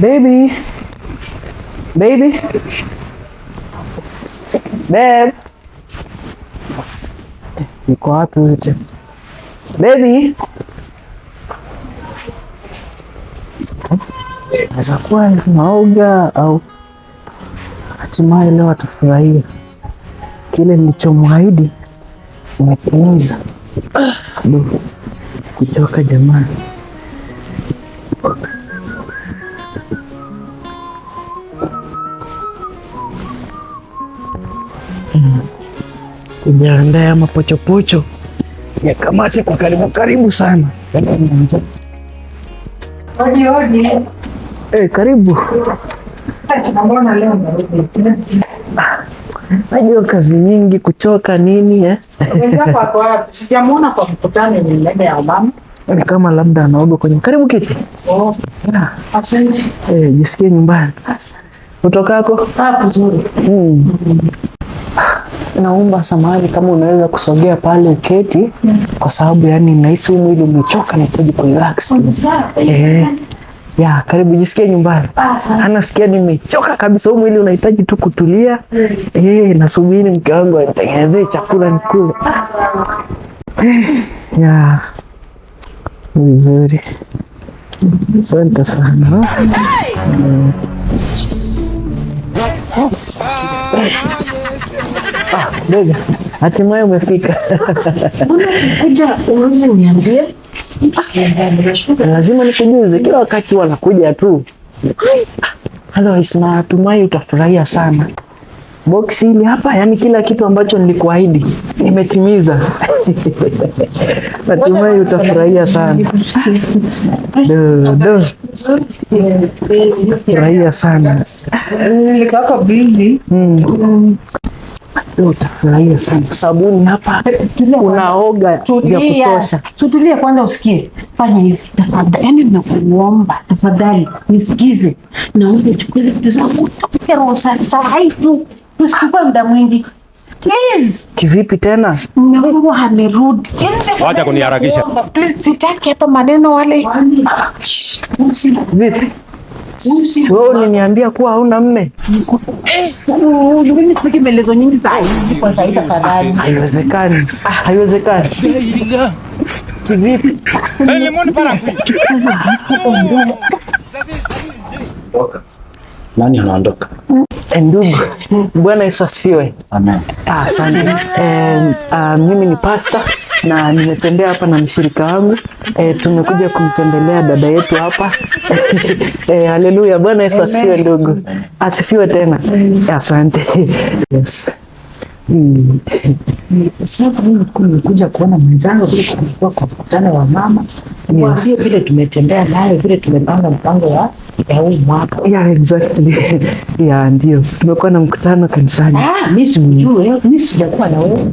Baby. Baby. Babe. Niko wapi wote? Baby. Naweza kuwa naoga au hatimaye leo atafurahia kile nilichomwahidi umetimiza. Ah, Kutoka jamani. kujiandaa ama pochopocho yakamate kwa karibu karibu sana. Odi, odi. Hey, eh, karibu. Najua kazi nyingi kuchoka nini eh? kwa mkutano ile ya mama. Kama labda anaoga kwenye karibu kiti. Oh. Asante. Eh, jisikie nyumbani. Asante. Utokako? Ah, vizuri. Mm naomba samahani, kama unaweza kusogea pale uketi, kwa sababu yani nahisi huu mwili umechoka, nahitaji ku relax eh. Ya, karibu jisikie nyumbani. Ah, Anasikia nimechoka kabisa, huu mwili unahitaji tu kutulia eh. Nasubiri mke wangu anitengenezee chakula nikule. Ah, ya, vizuri, asante sana. Mm. Ah, eh. Hatimaye umefika. Lazima nikujuze kila wakati wanakuja tu. Otherwise natumai utafurahia sana boksi hili hapa, yaani kila kitu ambacho nilikuahidi nimetimiza. Natumai utafurahia sana do. furahia sana utafurahia sana. Sabuni hapa unaoga ya kutosha. Tutulie kwanza, usikie. Fanya hivi tafadhali, yani nakuomba tafadhali nisikize, naomba chukua vitu zangu saa hii tu, tusichukue muda mwingi Please. Kivipi tena? Mungu amerudi. Yaani Wacha kuniharakisha. Please sitaki hapa maneno wale. Vipi? Niniambia kuwa hauna mme, maelezo nyingi sana. Haiwezekani, haiwezekani. Nani anaondoka? Eh, ndugu, Bwana Yesu asifiwe. Amen. Asante. Eh, ah, mimi ni pasta na nimetembea hapa na mshirika wangu e, tumekuja kumtembelea dada yetu hapa e, haleluya. Bwana Yesu asifiwe, ndugu, asifiwe tena. Asante yes. Hmm. nimekuja kuona mwenzangu vile tulikuwa kwa mkutano wa mama yes. Vile tumetembea nayo vile tumepanga mpango wa ya huu mwaka yeah, exactly. yeah, ndio tumekuwa na mkutano kanisani. Ah, mimi hmm. sijakuwa na wewe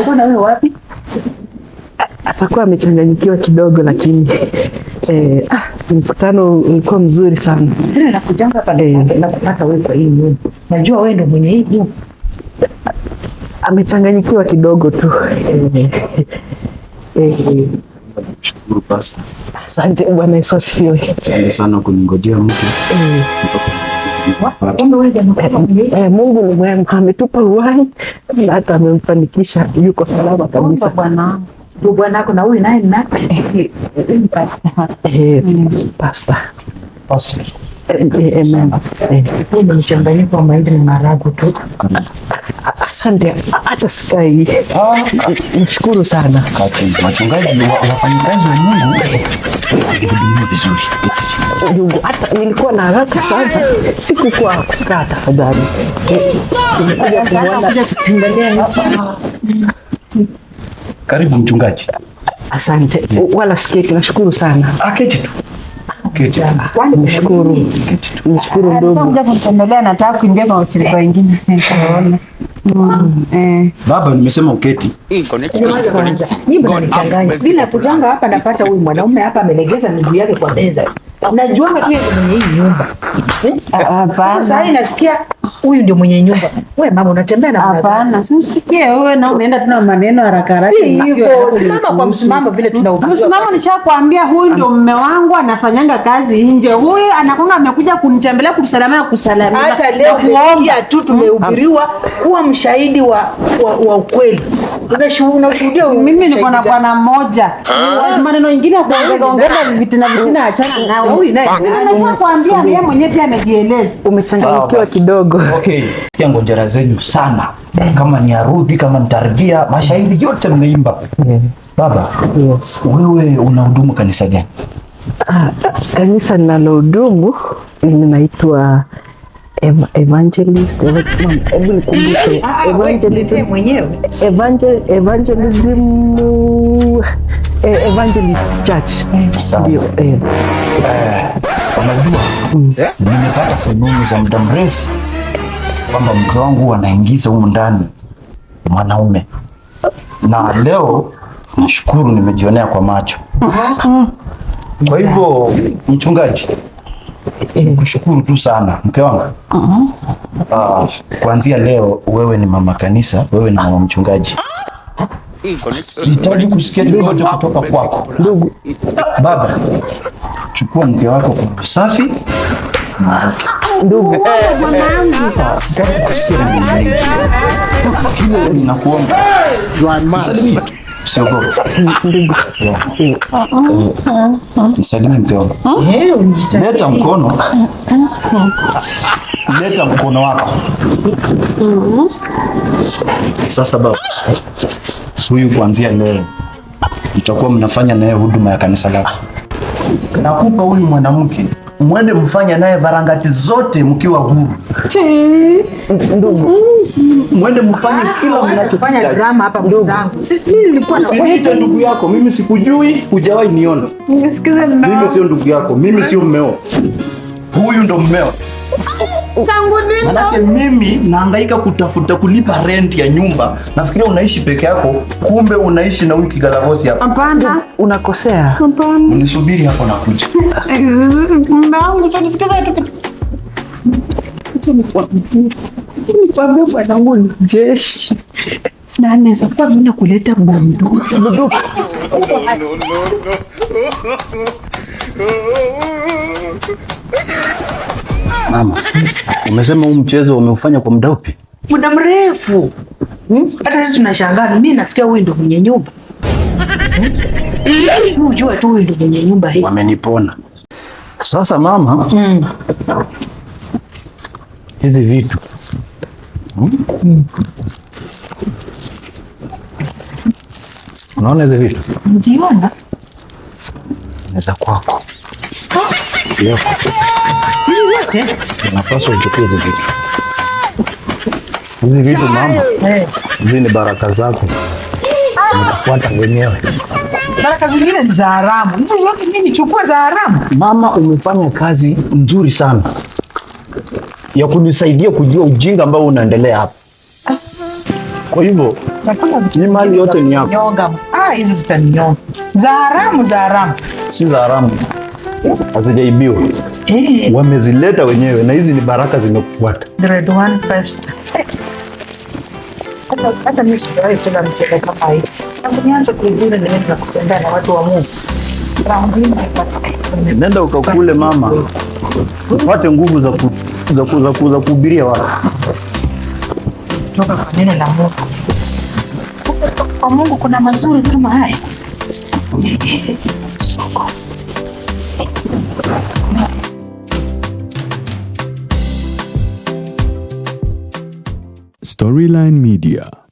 Uko na wewe wapi? Atakuwa amechanganyikiwa kidogo, lakini eh, ah, mkutano ulikuwa mzuri sana. Nakujanga hapa eh. na kupata wewe kwa hii. Najua wewe ndio mwenye hii. Amechanganyikiwa kidogo tu. Eh, eh, shukuru basi. Asante Bwana Yesu asifiwe. Asante sana kuningojea mtu. Eh. Eh, Mungu ni mwema, ametupa uhai na hata amemfanikisha, yuko salama kabisa. Bwanako na huyu naye eh, pasta eh, eh, mchanganyiko wa mahindi na marago tu Asante, hata sikai. Nashukuru sana wachungaji, kazi wa Mungu walihudumia vizuri. Ndugu, hata nilikuwa na haraka sana, sikukuwa kukaa tafadhali. Kuja kutembelea hapa. Karibu mchungaji. Asante wala sketi, nashukuru sana. Aketi ah, tu. Nashukuru. Nashukuru ndugu. Kuja kutembelea, nataka kuingia kwa wengine. Mm, eh. Baba, nimesema uketi bila kuchanga hapa. Napata huyu mwanaume hapa amelegeza miguu yake kwa meza. Najuanga tu yeye mwenye hii nyumba. Hapana. Sasa hii nasikia huyu ndio mwenye nyumba. Wewe mama unatembea na mwanadamu. Hapana. Usikie wewe na umeenda tuna maneno haraka haraka. Si hivyo. Simama kwa msimamo vile tunaubua. Msimamo nishakwambia huyu ndio mume wangu anafanyanga kazi nje. Huyu anakonga amekuja kunitembelea na kusalamia. Hata leo kuongea tu tumehubiriwa hmm. kuwa mshahidi wa wa ukweli. Unashuhudia mimi niko na bwana mmoja. Ah. Maneno mengine ya kuongeza ah. ongeza vitu na vitu na ah. achana nao huyu naye nimeshakwambia yeye mwenyewe pia amejieleza. Umechanganyikiwa kidogo. Okay. Sikia ngonjera zenu sana. Kama ni arudhi, kama ni tarvia, mashairi yote mnaimba. Baba, wewe unahudumu kanisa gani? Ah, kanisa ninalohudumu linaitwa evangelist ah, ah, evangelism e- evangelist church ndio. Eh. Eh, unajua, mm. eh? nimepata fununu za muda mrefu kwamba mke wangu anaingiza humu ndani mwanaume, na leo nashukuru nimejionea kwa macho. Mm-hmm. Kwa hivyo mchungaji nikushukuru tu sana mke wangu. uh -huh. Uh, kuanzia leo wewe ni mama kanisa, wewe ni mama mchungaji. Sitaji kusikia lolote kutoka kwako ndugu. Baba, chukua mke wako kwa safi ndugu. kusikia ninakuomba Leta mkono, leta mkono wako sasa. Baba huyu, kuanzia leo mtakuwa mnafanya naye huduma ya kanisa lako. Nakupa huyu mwanamke mwende mfanya naye varangati zote mkiwa huru. Ndugu mwende mfanye ah, kila mnachokifanya. ndugu yako mimi sikujui, hujawahi niona. mimi sio ndugu yako, mimi sio mmeo, huyu ndo mmeo. Manake mimi naangaika kutafuta kulipa rent ya nyumba, nafikiria unaishi peke yako, kumbe unaishi na huyu kigalagosi hapa. Hapana, unakosea. Hapana, unisubiri hapo, nakuja Nikwambia bwanangu ni jeshi na anaweza kuwa mimi nakuleta bunduki Mama, umesema huu mchezo umeufanya kwa muda upi? Muda mrefu hmm? hata hmm? Sisi tunashangaa. Mimi nafikia huyu ndo mwenye nyumba hmm? ujua tu huyu ndo mwenye nyumba hii. Wamenipona sasa mama, hmm. hizi vitu Unaona hizo vitu? Unajiona? Naweza kwako. Oh, hizi zote unapaswa uchukue hizo vitu. Hizi vitu mama, hizi ni baraka zako. Unafuata ah. wenyewe. Baraka zingine ni za haramu. Hizi zote mimi nichukue za haramu? Mama, umefanya kazi nzuri sana ya kunisaidia kujua ujinga ambao unaendelea hapa. Ah. Kwa hivyo hii mali yote ni yako. Ah, hizi zitaninyoga za haramu, za haramu, si za haramu, hazijaibiwa eh, wamezileta wenyewe, na hizi ni baraka zimekufuata. Grade 1 five star eh. hata mimi sijawahi tena mchezo kama hii. Tangu nianze kuivuna ni mimi nakupenda na watu wa Mungu. Nenda ukakule mama, upate nguvu za ku za kuhubiria watu kutoka kwa neno la Mungu. Kwa Mungu kuna mazuri kama haya. Storyline Media